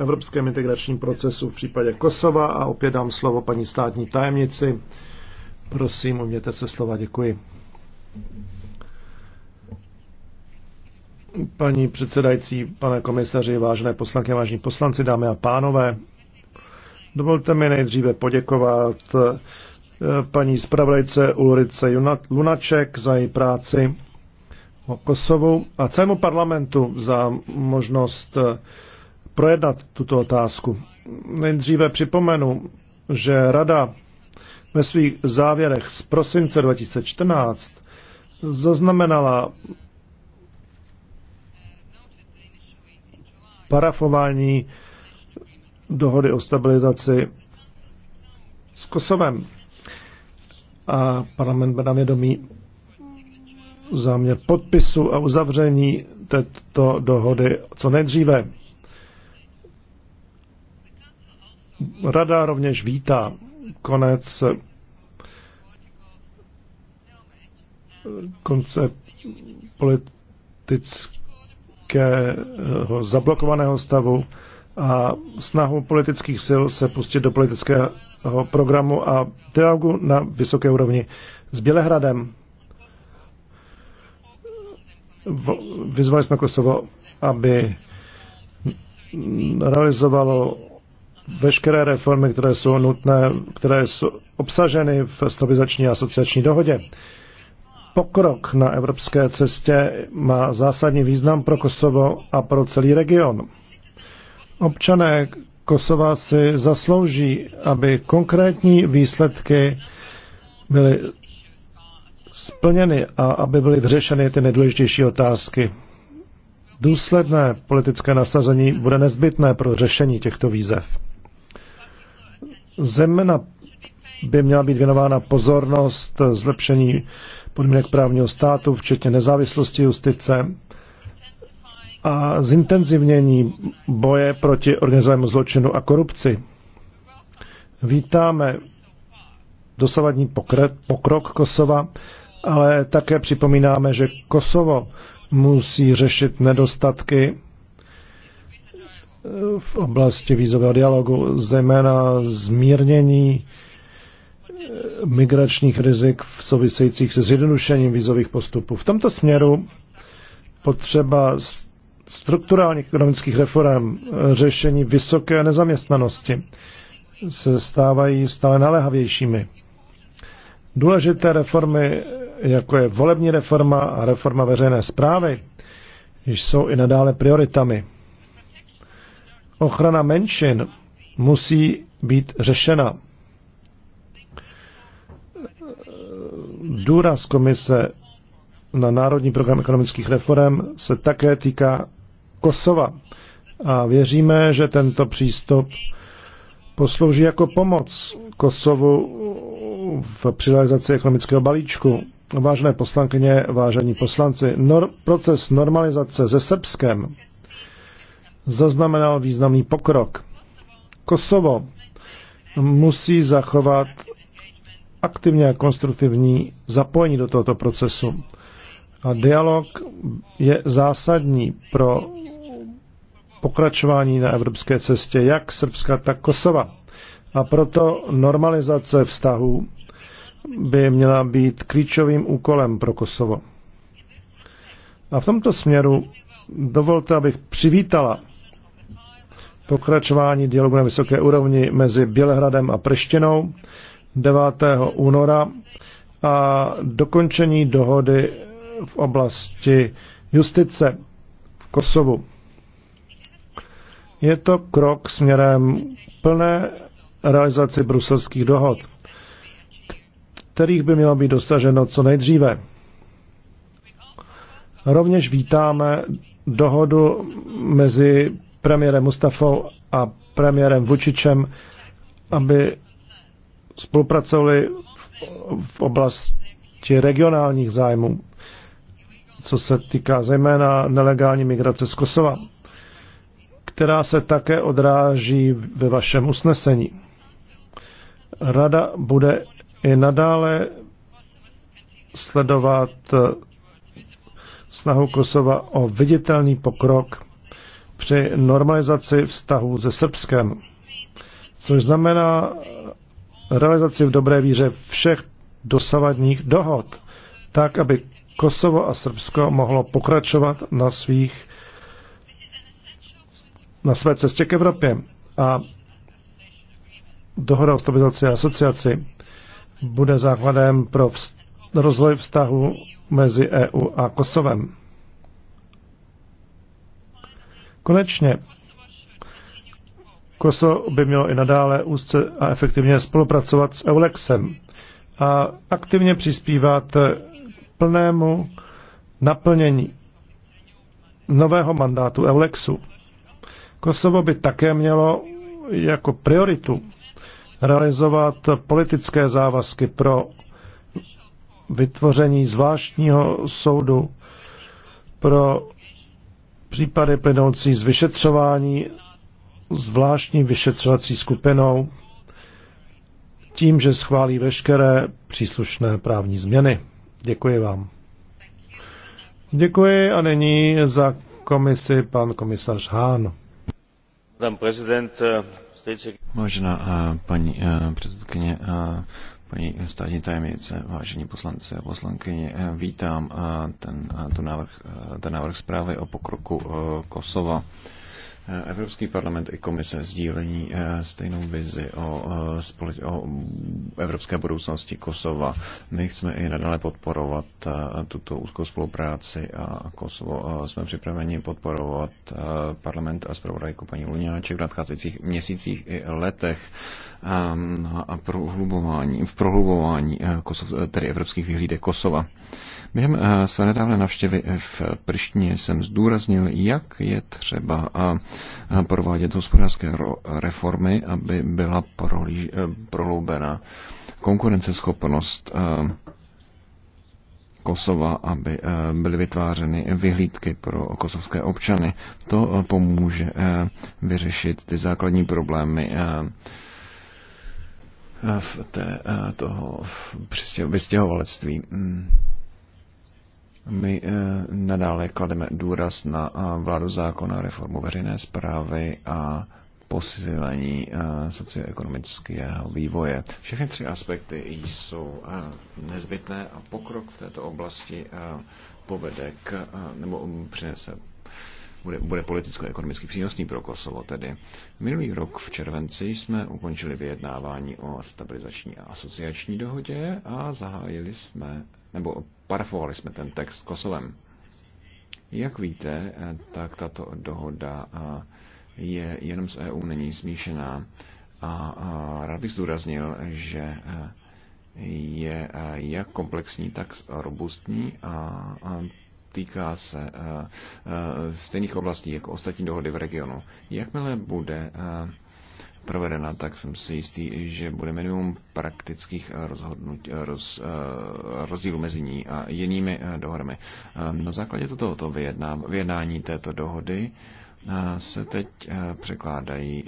evropském integračním procesu v případě Kosova a opět dám slovo paní státní tajemnici. Prosím, uměte se slova, děkuji. Paní předsedající, pane komisaři, vážené poslanky, vážní poslanci, dámy a pánové, dovolte mi nejdříve poděkovat eh, paní zpravodajce Ulrice Lunaček za její práci o Kosovu a celému parlamentu za možnost eh, projednat tuto otázku. Nejdříve připomenu, že Rada ve svých závěrech z prosince 2014 zaznamenala parafování dohody o stabilizaci s Kosovem. A parlament bude na vědomí záměr podpisu a uzavření této dohody co nejdříve. Rada rovněž vítá konec konce politického zablokovaného stavu a snahu politických sil se pustit do politického programu a dialogu na vysoké úrovni s Bělehradem. Vyzvali jsme Kosovo, aby realizovalo veškeré reformy, které jsou nutné, které jsou obsaženy v stabilizační a asociační dohodě. Pokrok na evropské cestě má zásadní význam pro Kosovo a pro celý region. Občané Kosova si zaslouží, aby konkrétní výsledky byly splněny a aby byly vyřešeny ty nejdůležitější otázky. Důsledné politické nasazení bude nezbytné pro řešení těchto výzev. Zemna by měla být věnována pozornost zlepšení podmínek právního státu, včetně nezávislosti justice a zintenzivnění boje proti organizovanému zločinu a korupci. Vítáme dosavadní pokret, pokrok Kosova, ale také připomínáme, že Kosovo musí řešit nedostatky v oblasti vízového dialogu, zejména zmírnění eh, migračních rizik v souvisejících se zjednodušením vízových postupů. V tomto směru potřeba strukturálních ekonomických reform, eh, řešení vysoké nezaměstnanosti se stávají stále naléhavějšími. Důležité reformy, jako je volební reforma a reforma veřejné zprávy, jsou i nadále prioritami ochrana menšin musí být řešena. Důraz komise na Národní program ekonomických reform se také týká Kosova. A věříme, že tento přístup poslouží jako pomoc Kosovu v přilalizaci ekonomického balíčku. Vážené poslankyně, vážení poslanci, nor- proces normalizace se Srbskem zaznamenal významný pokrok. Kosovo musí zachovat aktivně a konstruktivní zapojení do tohoto procesu. A dialog je zásadní pro pokračování na evropské cestě jak Srbska, tak Kosova. A proto normalizace vztahů by měla být klíčovým úkolem pro Kosovo. A v tomto směru dovolte, abych přivítala pokračování dialogu na vysoké úrovni mezi Bělehradem a Prištinou 9. února a dokončení dohody v oblasti justice v Kosovu. Je to krok směrem plné realizaci bruselských dohod, kterých by mělo být dosaženo co nejdříve. Rovněž vítáme dohodu mezi premiérem Mustafou a premiérem Vučičem, aby spolupracovali v oblasti regionálních zájmů, co se týká zejména nelegální migrace z Kosova, která se také odráží ve vašem usnesení. Rada bude i nadále sledovat snahu Kosova o viditelný pokrok při normalizaci vztahu se Srbskem, což znamená realizaci v dobré víře všech dosavadních dohod, tak, aby Kosovo a Srbsko mohlo pokračovat na svých na své cestě k Evropě. A dohoda o stabilizaci a asociaci bude základem pro vz, rozvoj vztahu mezi EU a Kosovem. Konečně, Kosovo by mělo i nadále úzce a efektivně spolupracovat s Eulexem a aktivně přispívat plnému naplnění nového mandátu Eulexu. Kosovo by také mělo jako prioritu realizovat politické závazky pro vytvoření zvláštního soudu pro případy plynoucí z vyšetřování zvláštní vyšetřovací skupinou tím, že schválí veškeré příslušné právní změny. Děkuji vám. Děkuji a nyní za komisi pan komisař Hán. Eh, Vážená eh, paní eh, předsedkyně, Paní státní tajemnice, vážení poslanci a poslankyně, eh, vítám eh, ten, eh, ten, návrh, ten návrh zprávy o pokroku Kosova. Evropský parlament i komise sdílení eh, stejnou vizi o, eh, o evropské budoucnosti Kosova. My chceme i nadále podporovat eh, tuto úzkou spolupráci a Kosovo jsme připraveni podporovat parlament a zpravodajku paní Luňáček v nadcházejících měsících i letech no a prohlubování, v prohlubování Kosov, tedy evropských vyhlídek Kosova. Během eh, své nedávné návštěvy v Prštině jsem zdůraznil, jak je třeba eh, provádět hospodářské reformy, aby byla proloubena eh, konkurenceschopnost Kosova, aby byly vytvářeny vyhlídky pro kosovské občany. To pomůže vyřešit ty základní problémy v té, toho v vystěhovalectví. Hmm. My eh, nadále klademe důraz na eh, vládu zákona, reformu veřejné zprávy a posílení eh, socioekonomického vývoje. Všechny tři aspekty jsou nezbytné a pokrok v této oblasti povede k, nebo mm, přinese bude, bude politicko-ekonomicky přínosný pro Kosovo tedy. Minulý rok v červenci jsme ukončili vyjednávání o stabilizační a asociační dohodě a zahájili jsme nebo parafovali jsme ten text Kosovem. Jak víte, tak tato dohoda je jenom z EU, není smíšená. A rád bych zdůraznil, že je jak komplexní, tak robustní a týká se stejných oblastí jako ostatní dohody v regionu. Jakmile bude provedena, tak jsem si jistý, že bude minimum praktických rozhodnut, roz, eh, rozdílů mezi ní a jinými eh, dohodami. Eh, na základě tohoto vyjednání této dohody se teď překládají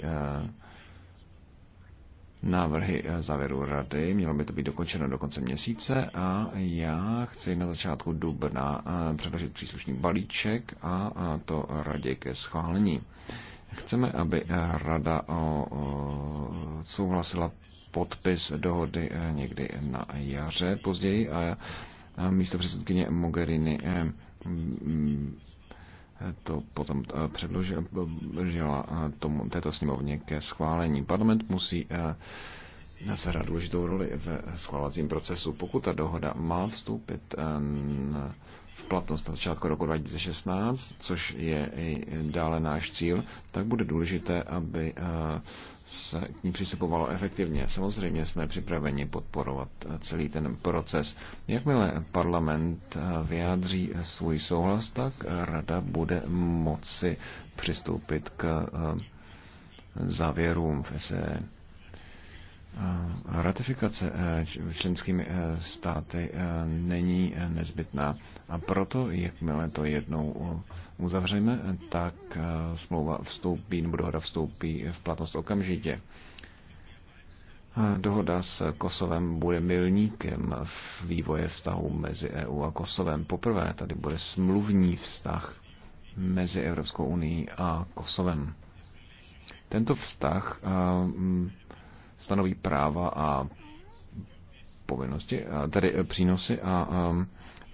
návrhy závěru rady. Mělo by to být dokončeno do konce měsíce a já chci na začátku dubna předložit příslušný balíček a to radě ke schválení. Chceme, aby eh, Rada souhlasila podpis dohody eh, někdy na jaře později a místo předsedkyně Mogherini eh, mm, to potom předložila tomu, této sněmovně ke schválení. Parlament musí zahrát důležitou roli v schválacím procesu. Pokud ta dohoda má vstoupit v platnost na začátku roku 2016, což je i dále náš cíl, tak bude důležité, aby eh, se k ní přistupovalo efektivně. Samozřejmě jsme připraveni podporovat eh, celý ten proces. Jakmile parlament eh, vyjádří svůj souhlas, tak rada bude moci přistoupit k závěrům v SE. Ratifikace eh, členskými eh, státy eh, není nezbytná a proto, jakmile to jednou uzavřeme, tak smlouva vstoupí nebo dohoda vstoupí v platnost okamžitě. Dohoda s Kosovem bude milníkem v vývoje vztahu mezi EU a Kosovem. Poprvé tady bude smluvní vztah mezi Evropskou unii a Kosovem. Tento vztah stanoví práva a povinnosti, tedy e, přínosy a e,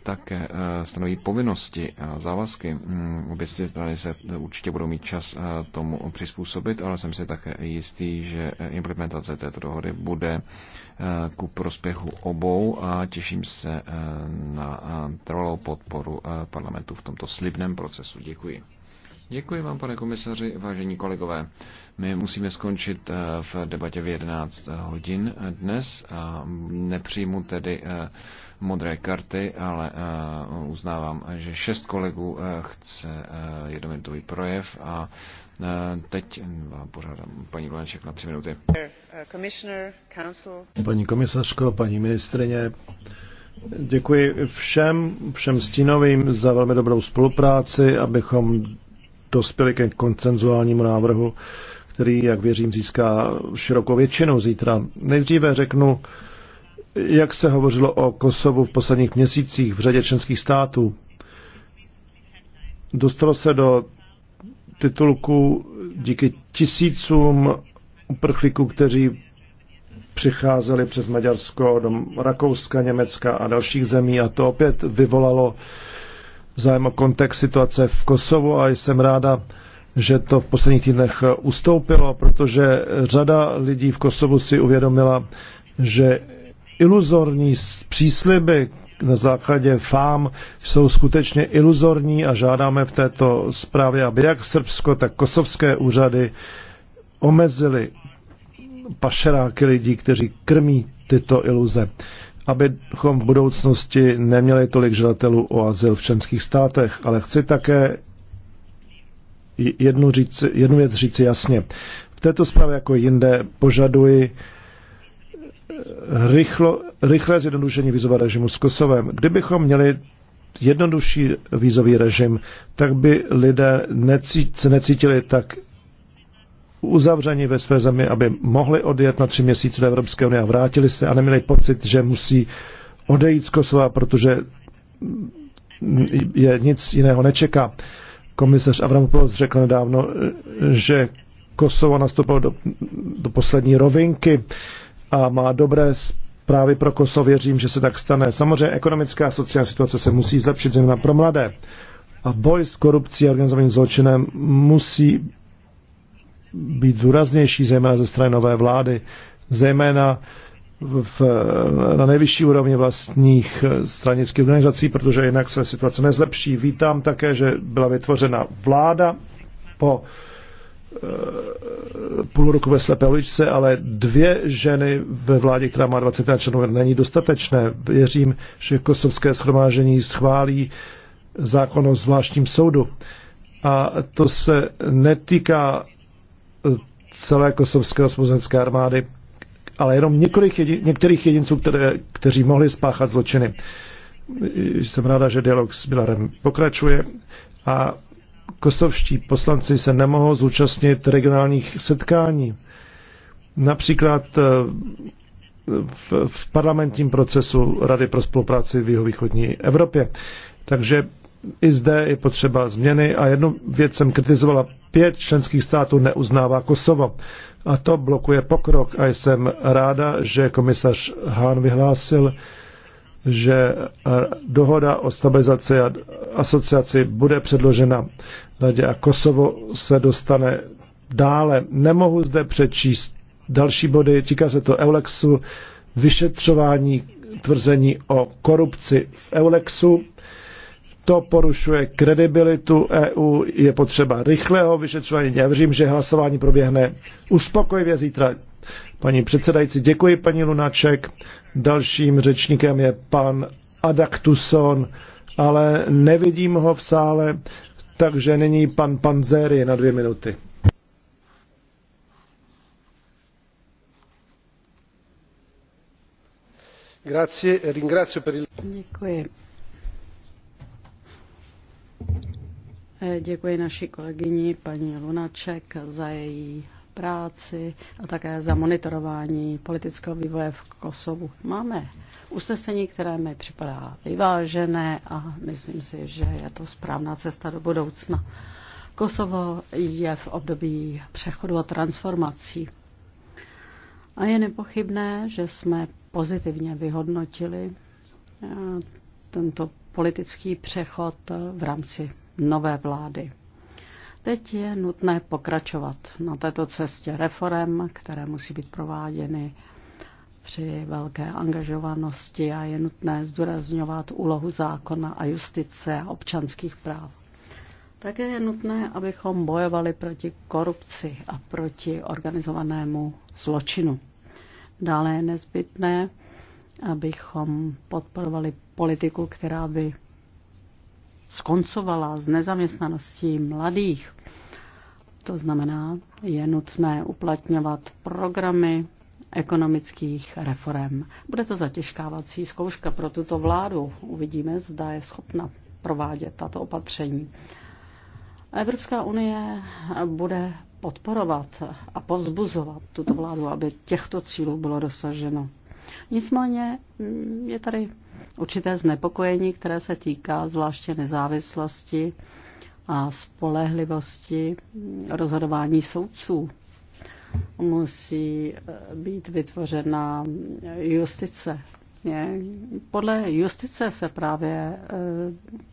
také e, stanoví povinnosti a závazky. Mm, obě strany se určitě budou mít čas tomu přizpůsobit, ale jsem si také jistý, že implementace této dohody bude ku prospěchu obou a těším se na trvalou podporu parlamentu v tomto slibném procesu. Děkuji. Děkuji vám, pane komisaři, vážení kolegové. My musíme skončit eh, v debatě v 11 hodin dnes. Nepřijmu tedy eh, modré karty, ale eh, uznávám, že šest kolegů chce jednominutový projev a teď vám pořádám paní Lunáček na tři minuty. Paní komisařko, paní ministrině, Děkuji všem, všem stínovým za velmi dobrou spolupráci, abychom dospěli ke koncenzuálnímu návrhu, který, jak věřím, získá širokou většinu zítra. Nejdříve řeknu, jak se hovořilo o Kosovu v posledních měsících v řadě členských států. Dostalo se do titulku díky tisícům uprchlíků, kteří přicházeli přes Maďarsko do Rakouska, Německa a dalších zemí a to opět vyvolalo zájem o kontext situace v Kosovu a jsem ráda, že to v posledních týdnech ustoupilo, protože řada lidí v Kosovu si uvědomila, že iluzorní přísliby na základě FAM jsou skutečně iluzorní a žádáme v této zprávě, aby jak Srbsko, tak kosovské úřady omezili pašeráky lidí, kteří krmí tyto iluze abychom v budoucnosti neměli tolik žadatelů o azyl v členských státech, ale chci také jednu, říci, jednu věc říci jasně. V této zprávě jako jinde požaduji eh, rychlo, rychlé zjednodušení vízového režimu s Kosovem. Kdybychom měli jednodušší vízový režim, tak by lidé necít, se necítili tak uzavřeni ve své zemi, aby mohli odjet na tři měsíce do Evropské unie a vrátili se a neměli pocit, že musí odejít z Kosova, protože je nic jiného nečeká. Komisař Avramopoulos řekl nedávno, že Kosovo nastoupilo do, do poslední rovinky a má dobré zprávy pro Kosovo. Věřím, že se tak stane. Samozřejmě ekonomická a sociální situace se musí zlepšit zejména pro mladé. A boj s korupcí a organizovaným zločinem musí být důraznější, zejména ze strany nové vlády, zejména v, na nejvyšší úrovni vlastních eh, stranických organizací, protože jinak se situace nezlepší. Vítám také, že byla vytvořena vláda po eh, půl roku ve slepé uličce, ale dvě ženy ve vládě, která má 21 členů, není dostatečné. Věřím, že kosovské schromážení schválí zákon o zvláštním soudu. A to se netýká celé kosovské osvobozenské armády, ale jenom několik jedin, některých jedinců, které, kteří mohli spáchat zločiny. Jsem ráda, že dialog s Bilarem pokračuje a kosovští poslanci se nemohou zúčastnit regionálních setkání. Například eh, v, v parlamentním procesu Rady pro spolupráci v jihovýchodní Evropě. Takže i zde je potřeba změny a jednu věc jsem kritizovala, pět členských států neuznává Kosovo. A to blokuje pokrok a jsem ráda, že komisař Hahn vyhlásil, že dohoda o stabilizaci a asociaci bude předložena radě a Kosovo se dostane dále. Nemohu zde přečíst další body, týká se to Eulexu, vyšetřování tvrzení o korupci v Eulexu to porušuje kredibilitu EU, je potřeba rychlého vyšetřování. Já věřím, že hlasování proběhne uspokojivě zítra. Paní předsedající, děkuji paní Lunaček. Dalším řečníkem je pan Adaktuson, ale nevidím ho v sále, takže nyní pan Panzeri na dvě minuty. Grazie, ringrazio per Děkuji. Eh, děkuji naší kolegyni paní Lunaček za její práci a také za monitorování politického vývoje v Kosovu. Máme usnesení, které mi připadá vyvážené a myslím si, že je to správná cesta do budoucna. Kosovo je v období přechodu a transformací. A je nepochybné, že jsme pozitivně vyhodnotili eh, tento politický přechod v rámci nové vlády. Teď je nutné pokračovat na této cestě reform, které musí být prováděny při velké angažovanosti a je nutné zdůrazňovat úlohu zákona a justice a občanských práv. Také je nutné, abychom bojovali proti korupci a proti organizovanému zločinu. Dále je nezbytné, abychom podporovali politiku, která by skoncovala s nezaměstnaností mladých. To znamená, je nutné uplatňovat programy ekonomických reform. Bude to zatěžkávací zkouška pro tuto vládu. Uvidíme, zda je schopna provádět tato opatření. Evropská unie bude podporovat a pozbuzovat tuto vládu, aby těchto cílů bylo dosaženo. Nicméně mm, je tady určité znepokojení, které se týká zvláště nezávislosti a spolehlivosti rozhodování soudců. Musí eh, být vytvořena justice. Podle justice se právě eh,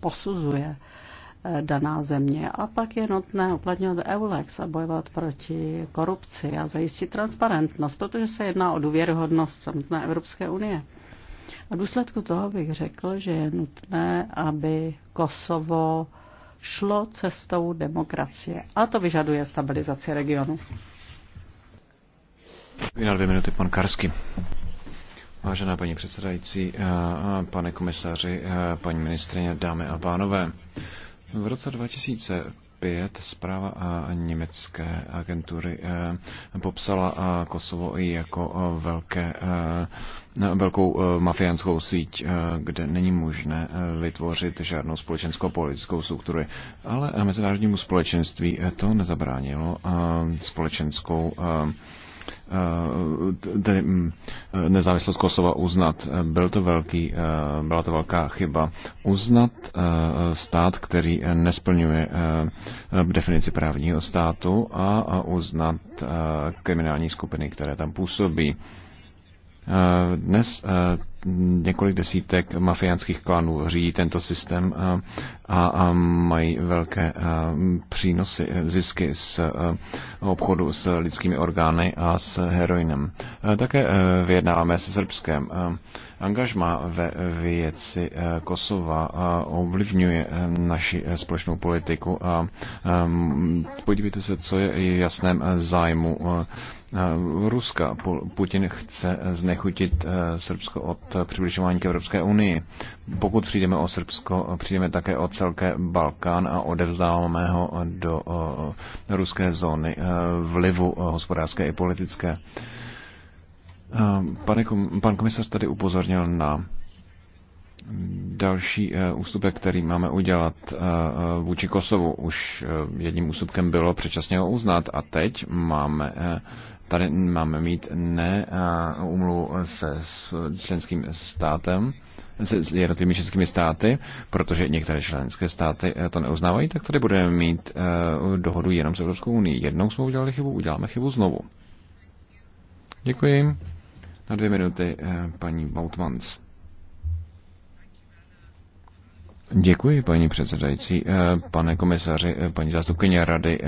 posuzuje eh, daná země. A pak je nutné uplatňovat EULEX a bojovat proti korupci a zajistit transparentnost, protože se jedná o důvěryhodnost samotné Evropské unie. A v důsledku toho bych řekl, že je nutné, aby Kosovo šlo cestou demokracie. A to vyžaduje stabilizaci regionu. Na dvě minuty pan Karsky. Vážená paní předsedající, eh, pane komisaři, eh, paní ministrině, dámy a pánové. V roce 2000 2005 zpráva německé agentury e, popsala Kosovo i jako e, velké, e, no, velkou mafiánskou síť, kde není možné vytvořit žádnou společenskou politickou strukturu. Ale mezinárodnímu společenství to nezabránilo společenskou Eh, tedy mm, eh, nezávislost Kosova uznat. Eh, byl to velký, byla to velká chyba. Uznat stát, který nesplňuje definici právního státu a uznat kriminální skupiny, které tam působí. Dnes eh, několik desítek mafiánských klanů řídí tento systém eh, a mají velké eh, přínosy, zisky z obchodu s lidskými orgány a s heroinem. Také vyjednáváme se srbském. Angažma ve věci Kosova ovlivňuje naši společnou politiku a podívejte se, co je jasném zájmu Eh, Ruska. Putin chce znechutit eh, Srbsko od přibližování k Evropské unii. Pokud přijdeme o Srbsko, přijdeme také o celké Balkán a odevzdáváme ho do eh, ruské zóny vlivu hospodářské i politické. Pane, pan komisař tady upozornil na další ústupek, který máme udělat vůči Kosovu. Už jedním ústupkem bylo předčasně ho uznat a teď máme Tady máme mít ne umluvu se s členským státem, se jednotlivými členskými státy, protože některé členské státy eh, to neuznávají, tak tady budeme mít eh, dohodu jenom s Evropskou unii. Jednou jsme udělali chybu, uděláme chybu znovu. Děkuji. Na dvě minuty eh, paní Boutmans. Děkuji, paní předsedající, pane komisaři, paní zástupkyně rady.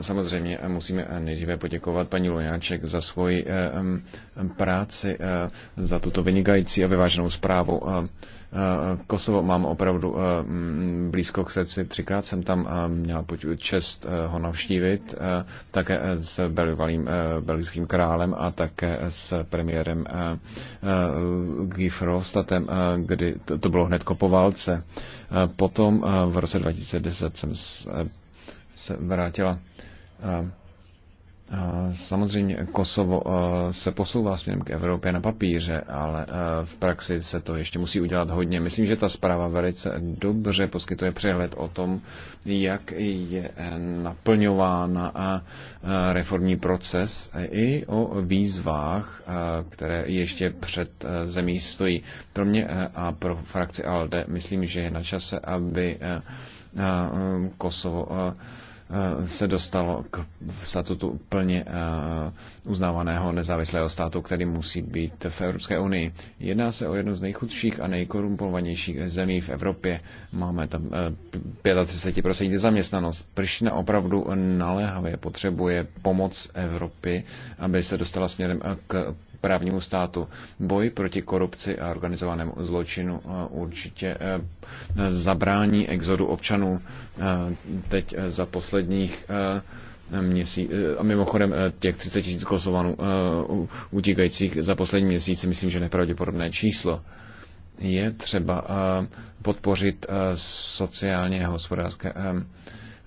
Samozřejmě musíme nejdříve poděkovat paní Lojáček za svoji eh, práci, eh, za tuto vynikající a vyváženou zprávu. Kosovo mám opravdu eh, blízko k srdci. Třikrát jsem tam měla čest ho navštívit, také s belivalým belgickým králem a také s premiérem Gifrostatem, kdy to bylo hned po válce. Potom v roce 2010 jsem se vrátila. Samozřejmě Kosovo se posouvá směrem k Evropě na papíře, ale v praxi se to ještě musí udělat hodně. Myslím, že ta zpráva velice dobře poskytuje přehled o tom, jak je naplňována reformní proces i o výzvách, které ještě před zemí stojí. Pro mě a pro frakci ALDE myslím, že je na čase, aby Kosovo Eh, se dostalo k statutu plně eh, uznávaného nezávislého státu, který musí být v Evropské unii. Jedná se o jednu z nejchudších a nejkorumpovanějších zemí v Evropě. Máme tam 35% eh, zaměstnanost. Pršina opravdu naléhavě potřebuje pomoc Evropy, aby se dostala směrem k právnímu státu. Boj proti korupci a organizovanému zločinu eh, určitě eh, zabrání exodu občanů eh, teď za posledních měsíc, a mimochodem těch 30 tisíc kosovanů utíkajících za poslední měsíc, myslím, že nepravděpodobné číslo je třeba podpořit sociálně hospodářské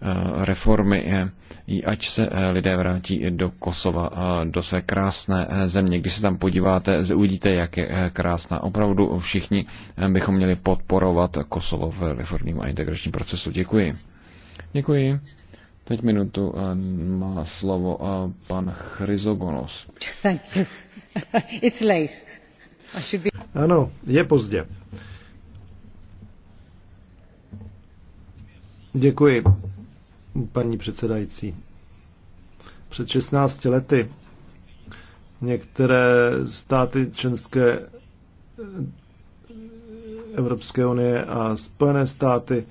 Eh, reformy, eh, ať se eh, lidé vrátí do Kosova, do své krásné země. Když se tam podíváte, uvidíte, jak je krásná. Opravdu všichni bychom měli podporovat Kosovo v reformním a integračním procesu. Děkuji. Děkuji. Teď minutu má slovo pan Chryzogonos. Thank you. It's late. I should be... Ano, je pozdě. Děkuji paní předsedající. Před 16 lety některé státy členské eh, Evropské unie a Spojené státy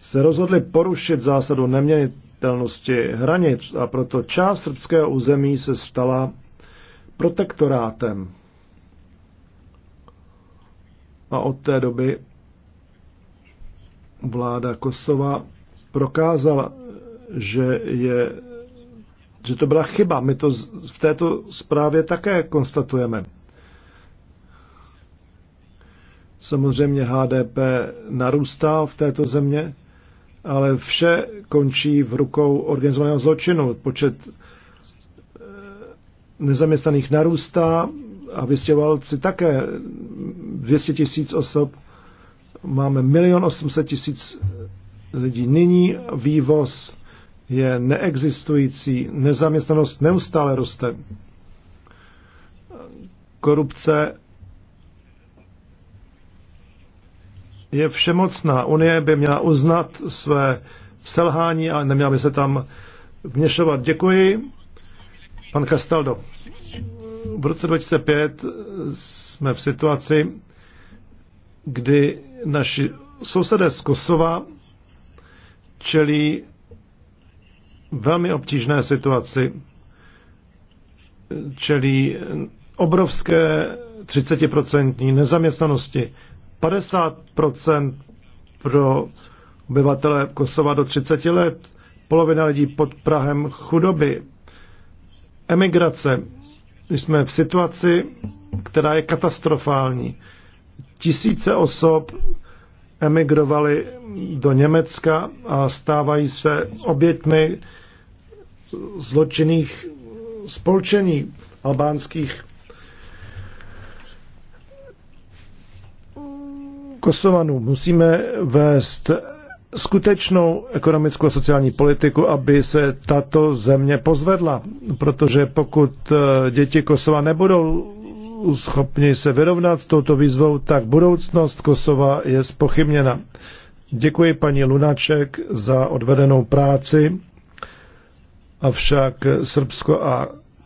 se rozhodly porušit zásadu neměnitelnosti hranic a proto část srbského území se stala protektorátem. A od té doby vláda Kosova prokázala, že, je, že to byla chyba. My to v této zprávě také konstatujeme. Samozřejmě HDP narůstá v této země, ale vše končí v rukou organizovaného zločinu. Počet eh, nezaměstnaných narůstá a vystěhovalci také 200 tisíc osob. Máme milion 800 tisíc lidí nyní, vývoz je neexistující, nezaměstnanost neustále roste. Korupce je všemocná. Unie by měla uznat své selhání a neměla by se tam vněšovat. Děkuji. Pan Castaldo. V roce 2005 jsme v situaci, kdy naši sousedé z Kosova čelí velmi obtížné situaci. Čelí obrovské 30% nezaměstnanosti, 50% pro obyvatele Kosova do 30 let, polovina lidí pod Prahem chudoby, emigrace. Jsme v situaci, která je katastrofální. Tisíce osob emigrovali do Německa a stávají se obětmi zločinných spolčení albánských. Kosovanů musíme vést skutečnou ekonomickou a sociální politiku, aby se tato země pozvedla. Protože pokud eh, děti Kosova nebudou schopni se vyrovnat s touto výzvou, tak budoucnost Kosova je spochybněna. Děkuji paní Lunaček za odvedenou práci avšak Srbsko a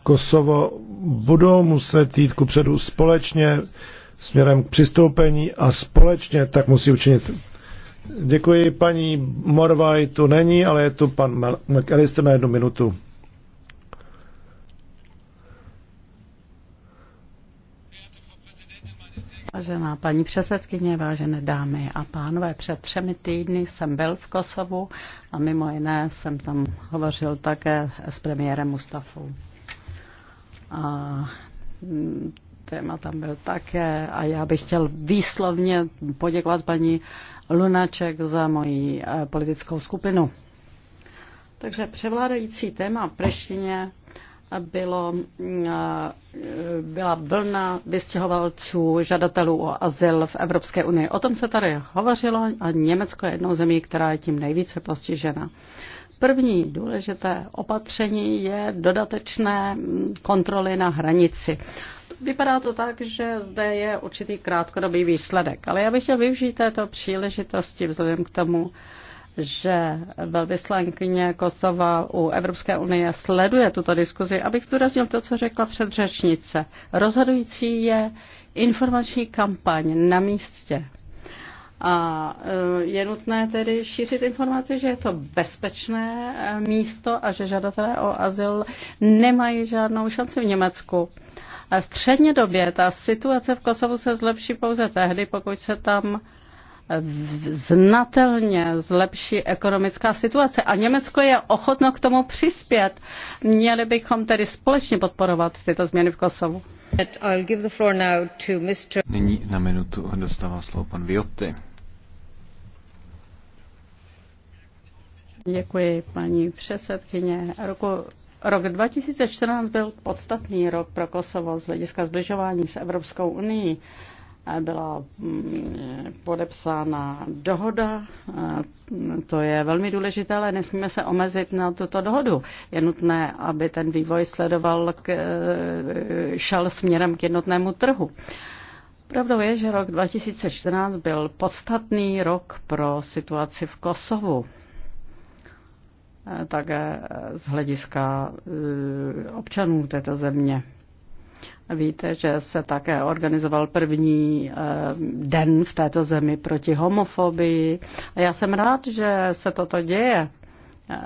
Kosovo budou muset jít předu společně směrem k přistoupení a společně tak musí učinit. Děkuji, paní Morvaj tu není, ale je tu pan McAllister na jednu minutu. Vážená paní předsedkyně, vážené dámy a pánové, před třemi týdny jsem byl v Kosovu a mimo jiné jsem tam hovořil také s premiérem Mustafou. A mm, téma tam byl také a já bych chtěl výslovně poděkovat paní Lunaček za moji eh, politickou skupinu. Takže převládající téma v Preštině bylo, eh, byla vlna vystěhovalců, žadatelů o azyl v Evropské unii. O tom se tady hovořilo a Německo je jednou zemí, která je tím nejvíce postižena. První důležité opatření je dodatečné kontroly na hranici. Vypadá to tak, že zde je určitý krátkodobý výsledek, ale já bych chtěl využít této příležitosti vzhledem k tomu, že velvyslankyně Kosova u Evropské unie sleduje tuto diskuzi, abych zdůraznil to, co řekla předřečnice. Rozhodující je informační kampaň na místě. A e, je nutné tedy šířit informaci, že je to bezpečné e, místo a že žadatelé o azyl nemají žádnou šanci v Německu. A středně době ta situace v Kosovu se zlepší pouze tehdy, pokud se tam znatelně zlepší ekonomická situace a Německo je ochotno k tomu přispět. Měli bychom tedy společně podporovat tyto změny v Kosovu. Nyní na minutu dostává slovo pan Viotti. Děkuji, paní předsedkyně. Roku, rok 2014 byl podstatný rok pro Kosovo z hlediska zbližování s Evropskou unii byla mm, podepsána dohoda. Mm, to je velmi důležité, ale nesmíme se omezit na tuto dohodu. Je nutné, aby ten vývoj sledoval, k, e, šel směrem k jednotnému trhu. Pravdou je, že rok 2014 byl podstatný rok pro situaci v Kosovu. E, také z hlediska e, občanů této země. Víte, že se také organizoval první eh, den v této zemi proti homofobii. A já jsem rád, že se toto děje. Eh,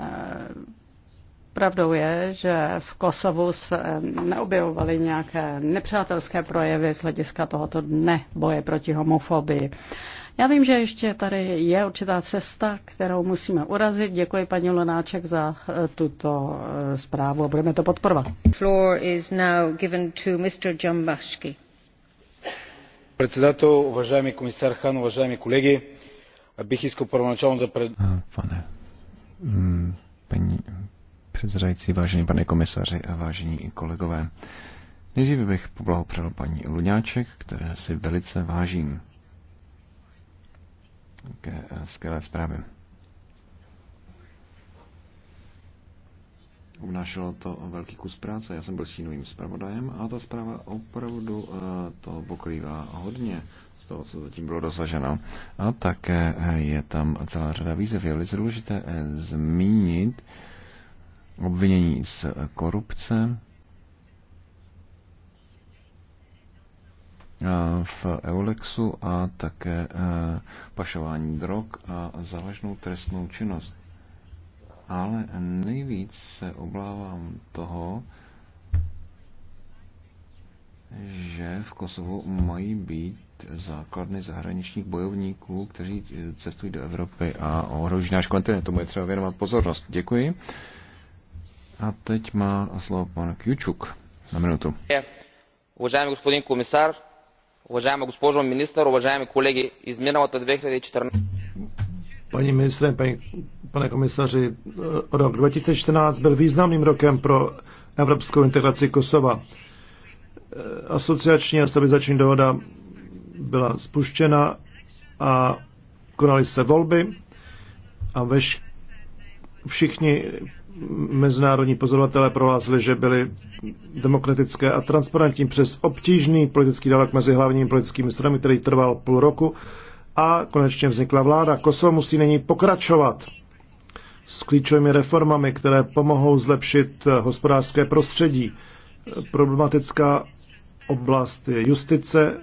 pravdou je, že v Kosovu se eh, neobjevovaly nějaké nepřátelské projevy z hlediska tohoto dne boje proti homofobii. Já vím, že ještě tady je určitá cesta, kterou musíme urazit. Děkuji paní Lonáček za eh, tuto eh, zprávu a budeme to podporovat. Floor is now given to Mr. Джамбашки. Председател, уважаеми комисар Хан, уважаеми колеги, бих искал първоначално да пред... Пане, paní předsedající, vážení pane komisaři a vážení kolegové, nejdříve bych poblahopřel paní Luňáček, které si velice vážím ke eh, skvělé zprávě. Obnášelo to velký kus práce, já jsem byl stínovým zpravodajem a ta zpráva opravdu eh, to pokrývá hodně z toho, co zatím bylo dosaženo. A také eh, je tam celá řada výzev. Je velice důležité zmínit obvinění z korupce, v Eulexu a také e, pašování drog a závažnou trestnou činnost. Ale nejvíc se oblávám toho, že v Kosovu mají být základny zahraničních bojovníků, kteří cestují do Evropy a ohrožují náš kontinent. Tomu je třeba věnovat pozornost. Děkuji. A teď má slovo pan Kjučuk na minutu. Уважаеми господин комисар, Уважаема госпожо министър, уважаеми колеги, изминалата 2014... Paní ministře, pane komisaři, rok 2014 byl významným rokem pro evropskou integraci Kosova. Э, asociační a stabilizační dohoda byla spuštěna a konaly se volby a veš, všichni mezinárodní pozorovatelé prohlásili, že byly demokratické a transparentní přes obtížný politický dialog mezi hlavními politickými stranami, který trval půl roku a konečně vznikla vláda. Kosovo musí není pokračovat s klíčovými reformami, které pomohou zlepšit hospodářské prostředí. Problematická oblast je justice,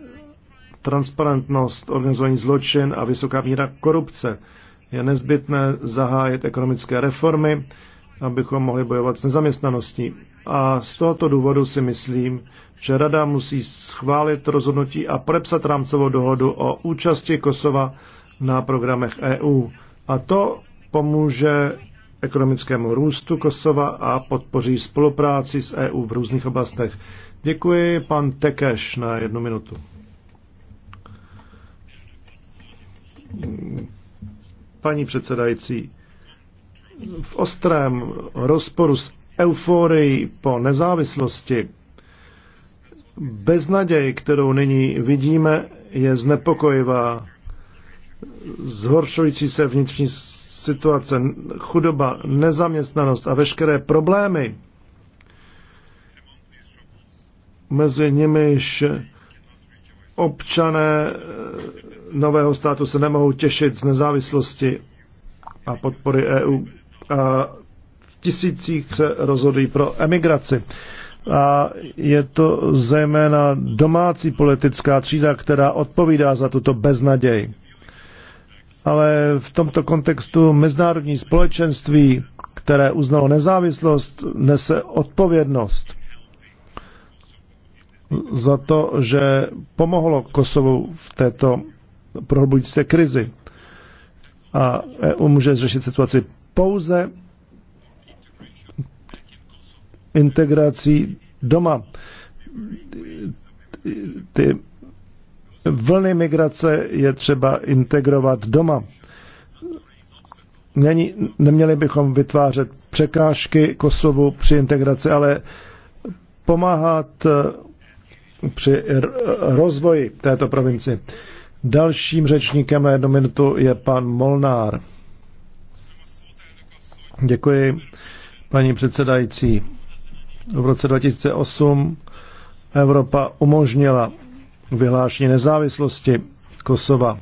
transparentnost, organizovaný zločin a vysoká míra korupce. Je nezbytné zahájit ekonomické reformy, abychom mohli bojovat s nezaměstnaností. A z tohoto důvodu si myslím, že Rada musí schválit rozhodnutí a podepsat rámcovou dohodu o účasti Kosova na programech EU. A to pomůže ekonomickému růstu Kosova a podpoří spolupráci s EU v různých oblastech. Děkuji, pan Tekeš, na jednu minutu. Paní předsedající, v ostrém rozporu s euforií po nezávislosti. Beznaděj, kterou nyní vidíme, je znepokojivá. Zhoršující se vnitřní situace, chudoba, nezaměstnanost a veškeré problémy, mezi nimiž občané nového státu se nemohou těšit z nezávislosti a podpory EU a tisících se rozhodují pro emigraci. A je to zejména domácí politická třída, která odpovídá za tuto beznaděj. Ale v tomto kontextu mezinárodní společenství, které uznalo nezávislost, nese odpovědnost za to, že pomohlo Kosovu v této prohlubující se krizi. A EU může řešit situaci pouze integrací doma. Ty vlny migrace je třeba integrovat doma. Není, neměli bychom vytvářet překážky Kosovu při integraci, ale pomáhat eh, při rozvoji této provinci. Dalším řečníkem na jednu minutu je pan Molnár. Děkuji, paní předsedající. V roce 2008 Evropa umožnila vyhlášení nezávislosti Kosova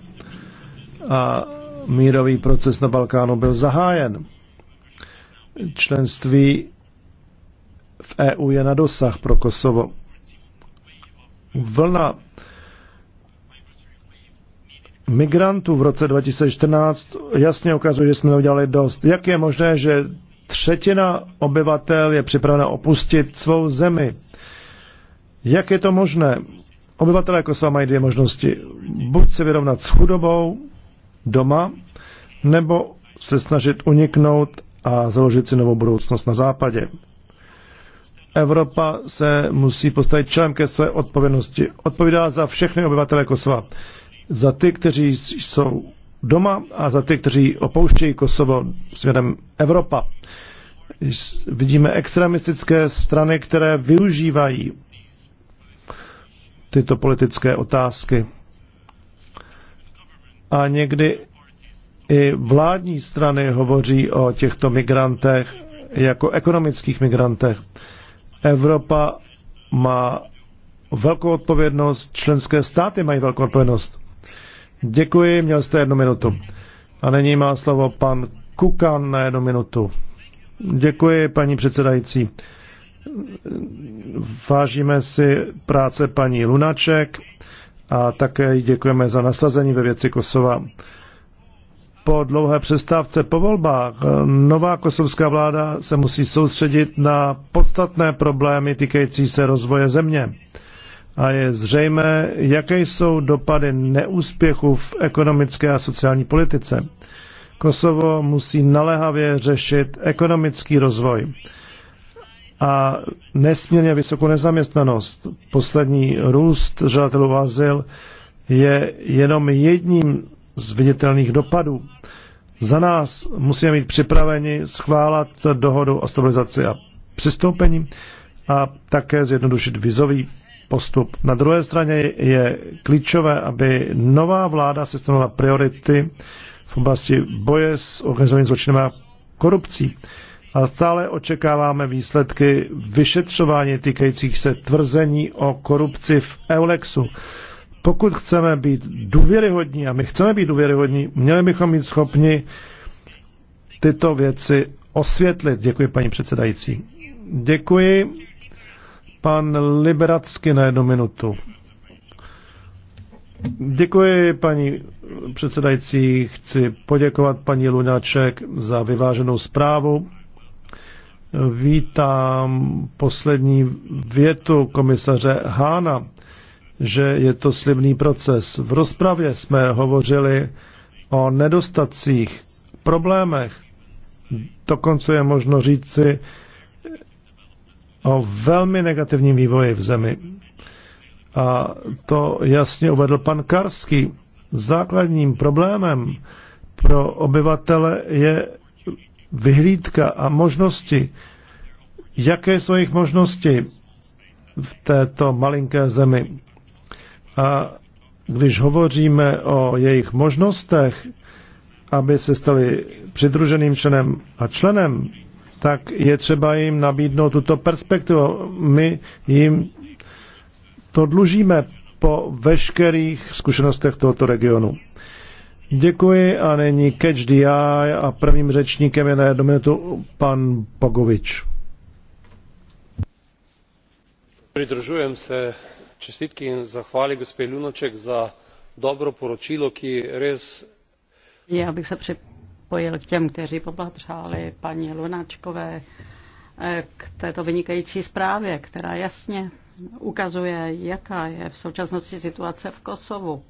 a mírový proces na Balkánu byl zahájen. Členství v EU je na dosah pro Kosovo. Vlna migrantů v roce 2014 jasně ukazuje, že jsme udělali dost. Jak je možné, že třetina obyvatel je připravena opustit svou zemi? Jak je to možné? Obyvatelé jako s mají dvě možnosti. Buď se vyrovnat s chudobou doma, nebo se snažit uniknout a založit si novou budoucnost na západě. Evropa se musí postavit čelem ke své odpovědnosti. Odpovídá za všechny obyvatele Kosova. Jako za ty, kteří jsou doma a za ty, kteří opouštějí Kosovo směrem Evropa. Vidíme extremistické strany, které využívají tyto politické otázky. A někdy i vládní strany hovoří o těchto migrantech jako ekonomických migrantech. Evropa má velkou odpovědnost, členské státy mají velkou odpovědnost. Děkuji, měl jste jednu minutu. A nyní má slovo pan Kukan na jednu minutu. Děkuji, paní předsedající. Vážíme si práce paní Lunaček a také děkujeme za nasazení ve věci Kosova. Po dlouhé přestávce po volbách nová kosovská vláda se musí soustředit na podstatné problémy týkající se rozvoje země a je zřejmé, jaké jsou dopady neúspěchu v ekonomické a sociální politice. Kosovo musí naléhavě řešit ekonomický rozvoj a nesmírně vysokou nezaměstnanost. Poslední růst žadatelů azyl je jenom jedním z viditelných dopadů. Za nás musíme být připraveni schválat dohodu o stabilizaci a přistoupení a také zjednodušit vizový postup. Na druhé straně je klíčové, aby nová vláda se stanovala priority v oblasti boje s organizovaným zločinem a korupcí. A stále očekáváme výsledky vyšetřování týkajících se tvrzení o korupci v Eulexu. Pokud chceme být důvěryhodní, a my chceme být důvěryhodní, měli bychom být schopni tyto věci osvětlit. Děkuji, paní předsedající. Děkuji. Pan Liberacky na jednu minutu. Děkuji, paní předsedající. Chci poděkovat paní Lunáček za vyváženou zprávu. Vítám poslední větu komisaře Hána, že je to slibný proces. V rozpravě jsme hovořili o nedostacích, problémech. Dokonce je možno říci, o velmi negativním vývoji v zemi. A to jasně uvedl pan Karský. Základním problémem pro obyvatele je vyhlídka a možnosti. Jaké jsou jejich možnosti v této malinké zemi? A když hovoříme o jejich možnostech, aby se stali přidruženým členem a členem tak je třeba jim nabídnout tuto perspektivu. My jim to dlužíme po veškerých zkušenostech tohoto regionu. Děkuji a není Catch the Eye a prvním řečníkem je na jednu minutu pan Bogovič. Pridružujem se čestitky in zahvali gospe Lunoček za dobro poročilo, ki res... Já bych se připojil připojil k těm, kteří poblahopřáli paní Lunačkové eh, k této vynikající zprávě, která jasně ukazuje, jaká je v současnosti situace v Kosovu.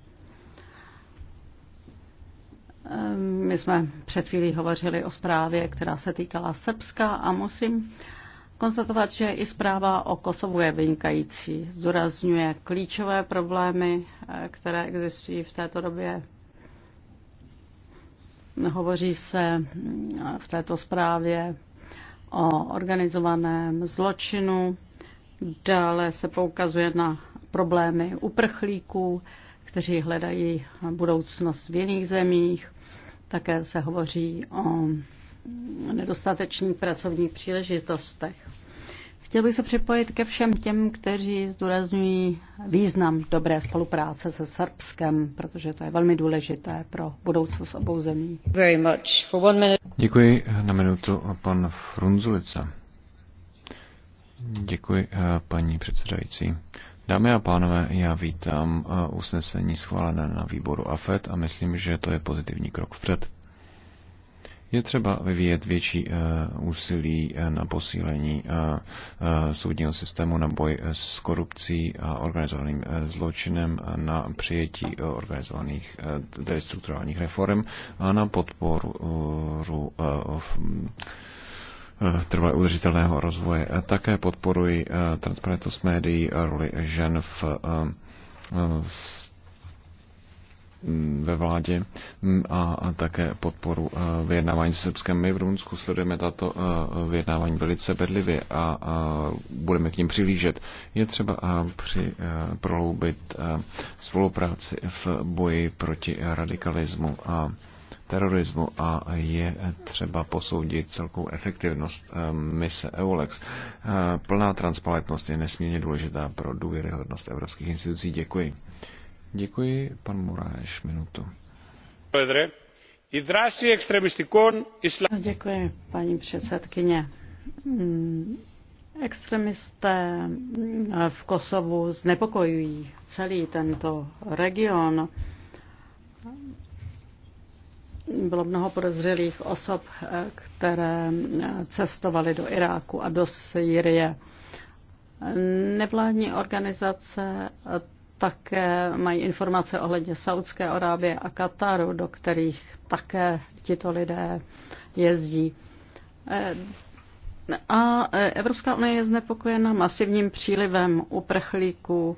Eh, my jsme před chvílí hovořili o zprávě, která se týkala Srbska a musím konstatovat, že i zpráva o Kosovu je vynikající. Zdůrazňuje klíčové problémy, eh, které existují v této době Hovoří se mm, v této zprávě o organizovaném zločinu, dále se poukazuje na problémy uprchlíků, kteří hledají budoucnost v jiných zemích. Také se hovoří o nedostatečných pracovních příležitostech. Chtěl bych se připojit ke všem těm, kteří zdůrazňují význam dobré spolupráce se Srbskem, protože to je velmi důležité pro budoucnost obou zemí. Děkuji na minutu a pan Frunzulica. Děkuji, eh, paní předsedající. Dámy a pánové, já vítám eh, usnesení schválené na výboru AFED a myslím, že to je pozitivní krok vpřed. Je třeba vyvíjet větší eh, úsilí eh, na posílení eh, soudního systému na boj s korupcí a organizovaným zločinem, na přijetí organizovaných tedy reform a na podporu trvalé udržitelného rozvoje. Také podporuji transparentnost médií a roli žen v Mm, ve vládě mm, a také podporu eh, vyjednávání s Srbskem. My v Rumunsku sledujeme tato eh, vyjednávání velice bedlivě a budeme k ním přilížet. Je třeba eh, při prohloubit spolupráci v boji proti radikalismu a terorismu a je třeba posoudit celkovou efektivnost mise EULEX. Plná transparentnost je nesmírně důležitá pro důvěryhodnost evropských institucí. Děkuji. Děkuji, pan Moráš, minutu. No, děkuji, paní předsedkyně. Mm, extremisté eh, v Kosovu znepokojují celý tento region. Bylo mnoho podezřelých osob, eh, které eh, cestovaly do Iráku a do Syrie. Nevládní organizace také mají informace ohledně Saudské Arábie a Kataru, do kterých také tito lidé jezdí. Eh, a eh, Evropská unie je znepokojena masivním přílivem uprchlíků,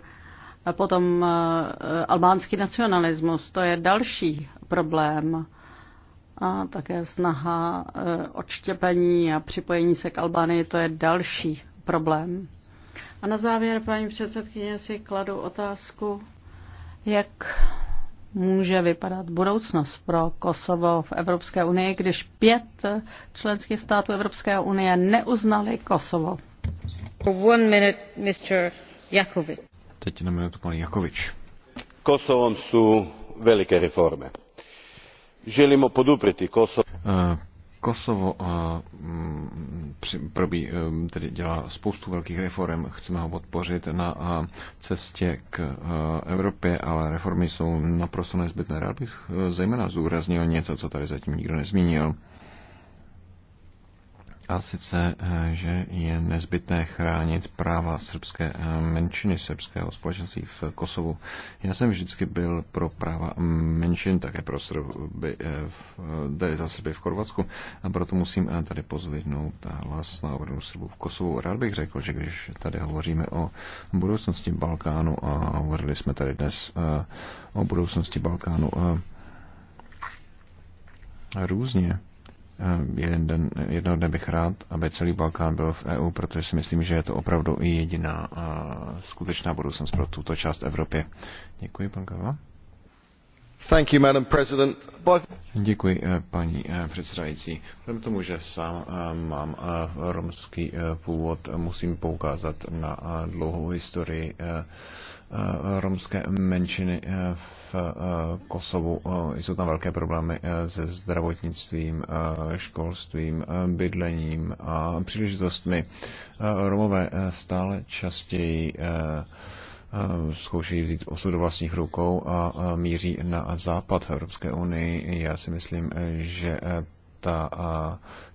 a potom eh, albánský nacionalismus, to je další problém a také snaha odštěpení a připojení se k Albánii, to je další problém. A na závěr, paní předsedkyně, si kladu otázku, jak může vypadat budoucnost pro Kosovo v Evropské unii, když pět členských států Evropské unie neuznali Kosovo. One minute, Mr. Jakovič. Teď na minutu pan Jakovič. Kosovom jsou veliké reformy. Želimo podupriti Kosovo. Uh Kosovo mm, probí, e, tedy dělá spoustu velkých reform, chceme ho podpořit na cestě k e, Evropě, ale reformy jsou naprosto nezbytné. Rád bych e, zejména zúraznil něco, co tady zatím nikdo nezmínil a sice, eh, že je nezbytné chránit práva srbské eh, menšiny, srbského společenství v Kosovu. Já jsem vždycky byl pro práva menšin, také pro Srby, eh, tady za Srby v Chorvatsku a proto musím tady pozvednout hlas na obranu Srbů v Kosovu. Rád bych řekl, že když tady hovoříme o budoucnosti Balkánu a hovořili jsme tady dnes o budoucnosti Balkánu různě, Eh, jeden den, jednoho dne bych rád, aby celý Balkán byl v EU, protože si myslím, že je to opravdu i jediná eh, skutečná budoucnost pro tuto část Evropy. Děkuji, pan Karla madam president Děkuji, eh, paní eh, předsedající. Vzhledem k tomu, že sám eh, mám romský původ, musím poukázat na dlouhou historii romské menšiny v Kosovu. Jsou tam velké problémy se zdravotnictvím, školstvím, bydlením a příležitostmi. Romové stále častěji zkoušejí vzít osud do vlastních rukou a míří na západ v Evropské unii. Já si myslím, že e, ta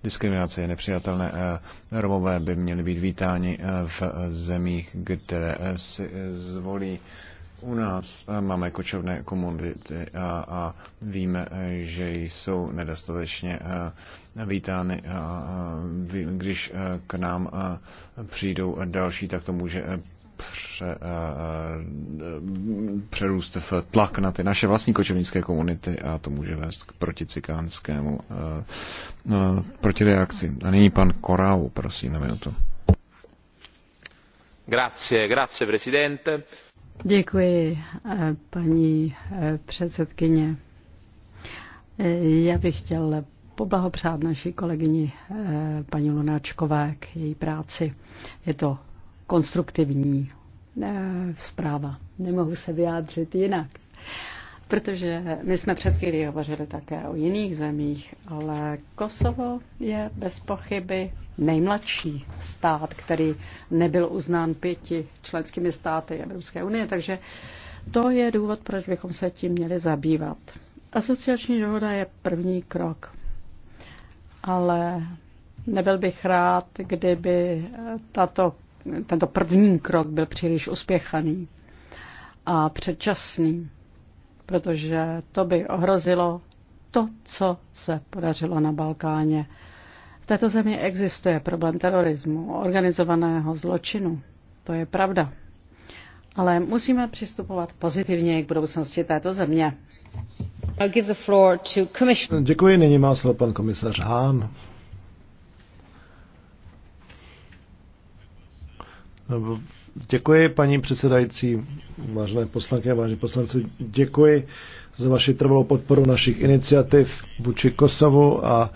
diskriminace je nepřijatelná. E, Romové by měli být vítáni e, v zemích, které si zvolí u nás máme kočovné komunity a, a víme, že jsou nedostatečně vítány. A, když k nám přijdou další, tak to může pře, eh, eh, přerůst v tlak na ty naše vlastní kočovnické komunity a to může vést k proticikánskému eh, protireakci. A nyní pan Korau, prosím, na minutu. Grazie, grazie, prezidente. Děkuji, paní předsedkyně. Já bych chtěl poblahopřát naší kolegyni paní Lunáčkové k její práci. Je to konstruktivní eh, zpráva. Nemohu se vyjádřit jinak. Protože my jsme před chvílí hovořili také o jiných zemích, ale Kosovo je bez pochyby nejmladší stát, který nebyl uznán pěti členskými státy Evropské unie, takže to je důvod, proč bychom se tím měli zabývat. Asociační dohoda je první krok, ale nebyl bych rád, kdyby tato tento první krok byl příliš uspěchaný a předčasný, protože to by ohrozilo to, co se podařilo na Balkáně. V této zemi existuje problém terorismu, organizovaného zločinu. To je pravda. Ale musíme přistupovat pozitivně k budoucnosti této země. Děkuji, nyní má slovo pan komisař Hán. Děkuji, paní předsedající, vážené a vážení poslanci, děkuji za vaši trvalou podporu našich iniciativ vůči Kosovu a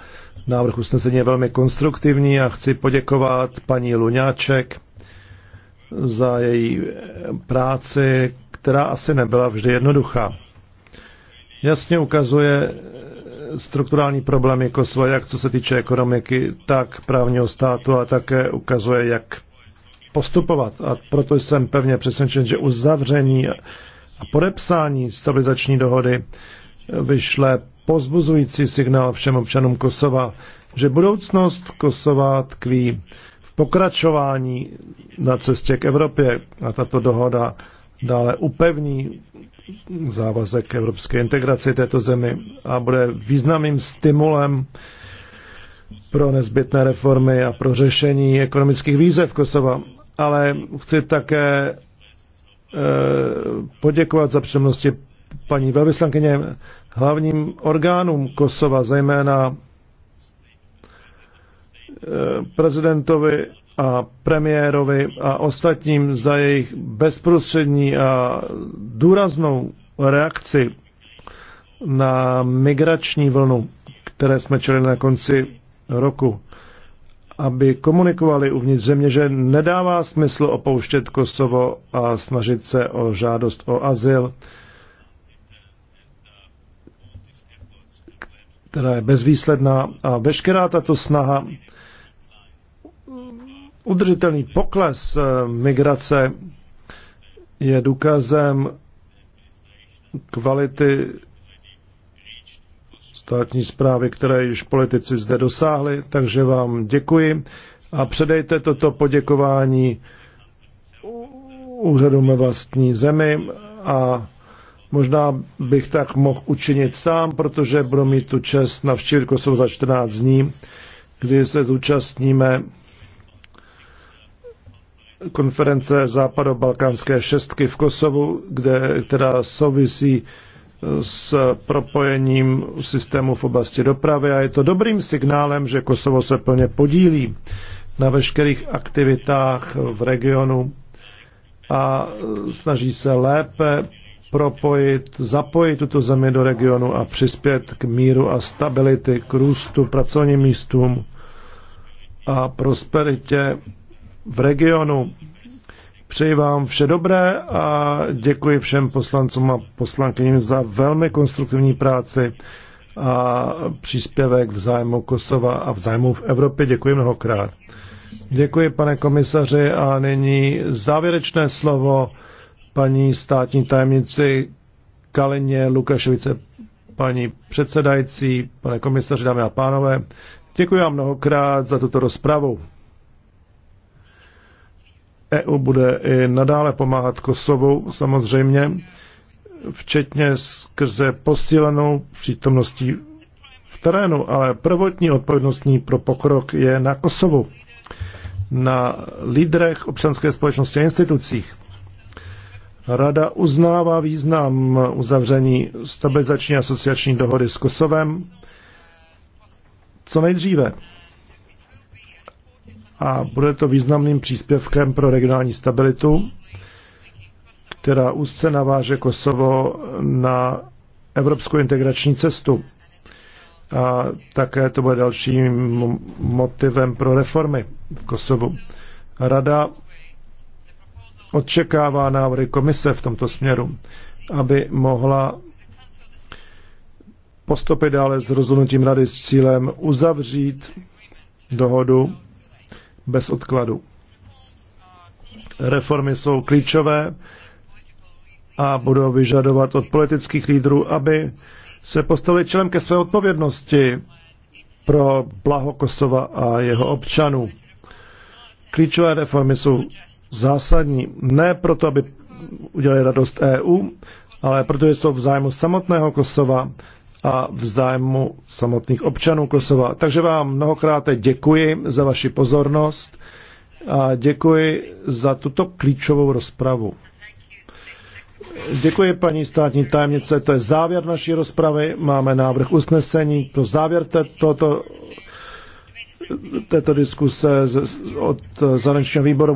návrh usnesení je velmi konstruktivní a chci poděkovat paní Luňáček za její práci, která asi nebyla vždy jednoduchá. Jasně ukazuje strukturální problémy Kosova, jak co se týče ekonomiky, tak právního státu a také ukazuje, jak postupovat. A proto jsem pevně přesvědčen, že uzavření a podepsání stabilizační dohody vyšle pozbuzující signál všem občanům Kosova, že budoucnost Kosova tkví v pokračování na cestě k Evropě a tato dohoda dále upevní závazek evropské integraci této zemi a bude významným stimulem pro nezbytné reformy a pro řešení ekonomických výzev Kosova ale chci také eh, poděkovat za přednosti paní velvyslankyně hlavním orgánům Kosova, zejména eh, prezidentovi a premiérovi a ostatním za jejich bezprostřední a důraznou reakci na migrační vlnu, které jsme čelili na konci roku aby komunikovali uvnitř země, že nedává smysl opouštět Kosovo a snažit se o žádost o azyl, která je bezvýsledná a veškerá tato snaha udržitelný pokles eh, migrace je důkazem kvality státní zprávy, které již politici zde dosáhli, takže vám děkuji a předejte toto poděkování úřadům ve vlastní zemi a možná bych tak mohl učinit sám, protože budu mít tu čest navštívit Kosovo za 14 dní, kdy se zúčastníme konference západo-balkánské šestky v Kosovu, kde, která souvisí s propojením systému v oblasti dopravy a je to dobrým signálem, že Kosovo se plně podílí na veškerých aktivitách v regionu a snaží se lépe propojit, zapojit tuto zemi do regionu a přispět k míru a stability, k růstu, pracovním místům a prosperitě v regionu Přeji vám vše dobré a děkuji všem poslancům a poslankyním za velmi konstruktivní práci a příspěvek v zájmu Kosova a v zájmu v Evropě. Děkuji mnohokrát. Děkuji, pane komisaři, a nyní závěrečné slovo paní státní tajemnici Kalině Lukaševice, paní předsedající, pane komisaři, dámy a pánové. Děkuji vám mnohokrát za tuto rozpravu. EU bude i nadále pomáhat Kosovu samozřejmě, včetně skrze posílenou přítomností v terénu, ale prvotní odpovědnostní pro pokrok je na Kosovu, na lídrech občanské společnosti a institucích. Rada uznává význam uzavření stabilizační asociační dohody s Kosovem co nejdříve a bude to významným příspěvkem pro regionální stabilitu, která úzce naváže Kosovo na evropskou integrační cestu. A také to bude dalším motivem pro reformy v Kosovu. Rada očekává návrhy komise v tomto směru, aby mohla postupy dále s rozhodnutím rady s cílem uzavřít dohodu bez odkladu. Reformy jsou klíčové a budou vyžadovat od politických lídrů, aby se postavili čelem ke své odpovědnosti pro blaho Kosova a jeho občanů. Klíčové reformy jsou zásadní ne proto, aby udělali radost EU, ale protože jsou v zájmu samotného Kosova a v zájmu samotných občanů Kosova. Takže vám mnohokrát děkuji za vaši pozornost a děkuji za tuto klíčovou rozpravu. Děkuji paní státní tajemnice, to je závěr naší rozpravy. Máme návrh usnesení pro závěr této, této diskuse od zahraničního výboru.